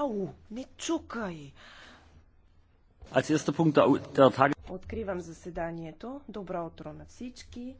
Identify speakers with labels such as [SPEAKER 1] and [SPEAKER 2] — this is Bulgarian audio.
[SPEAKER 1] Ау, не чукай! Откривам заседанието.
[SPEAKER 2] Добро утро на всички.